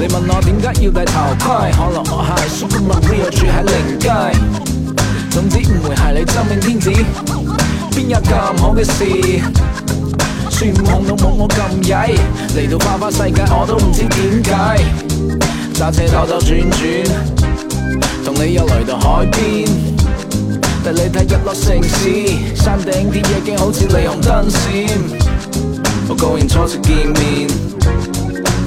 你問我點解要戴頭盔？可能我係 Super Mario，住喺靈界，總之唔會係你真命天子。邊有咁好嘅事，孫悟空都冇我咁曳，嚟到花花世界我都唔知點解。揸車兜兜轉轉，同你又嚟到海邊，帶你睇日落城市，山頂啲夜景好似霓虹燈閃。我偶然初次見面。